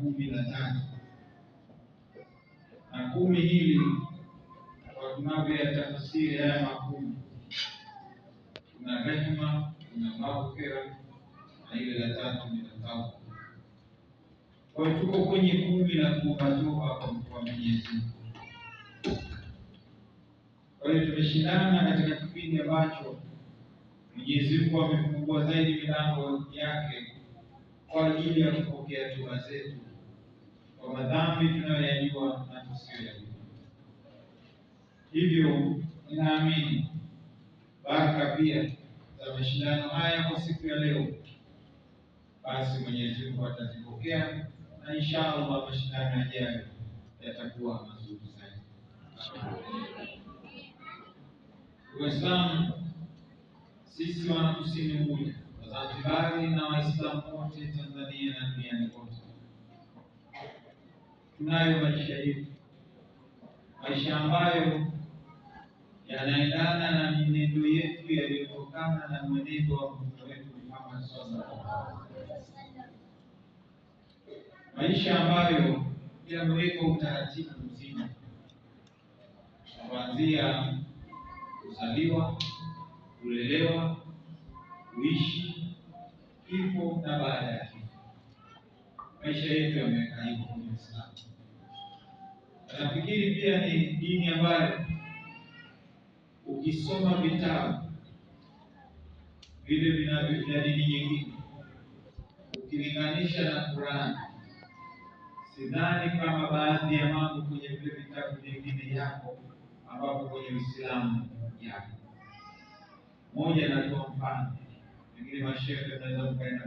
kumi na tatu na kumi hili kwa tafsiri haya makumi, kuna rehma, kuna maghfira na ile la tatu ni la tauba. Kwa hiyo tuko kwenye kumi la kuomba toba kwa Mwenyezi Mungu. Kwa hiyo tumeshindana katika kipindi ambacho Mwenyezi Mungu amefungua zaidi milango yake kwa ajili ya kupokea toba zetu kwa madhambi tunayoyajua na tusiyoyajua. Hivyo ninaamini baraka pia za mashindano haya kwa siku ya leo, basi Mwenyezi Mungu atazipokea na inshallah mashindano yajayo yatakuwa mazuri zaidi. Uislamu sisi wana kusini moja Wazanzibari na Waislamu wote Tanzania na duniani kote tunayo maisha yetu, maisha ambayo yanaendana na mwenendo yetu yaliyotokana na mwenendo wa Mtume wetu Muhammad sallallahu alaihi wasallam, maisha ambayo yameweka utaratibu mzima kuanzia kuzaliwa, kulelewa, kuishi, kifo na baada ya maisha yetu yameweka hivyo kwenye Uislamu. Nafikiri pia ni dini ambayo ukisoma vitabu vile vinavyo vya dini nyingine ukilinganisha na Qur'an, sidhani kama baadhi ya mambo kwenye vile vitabu vingine yako ambapo kwenye Uislamu yako moja. Natoa mfano, pengine mashehe mnaweza mkaenda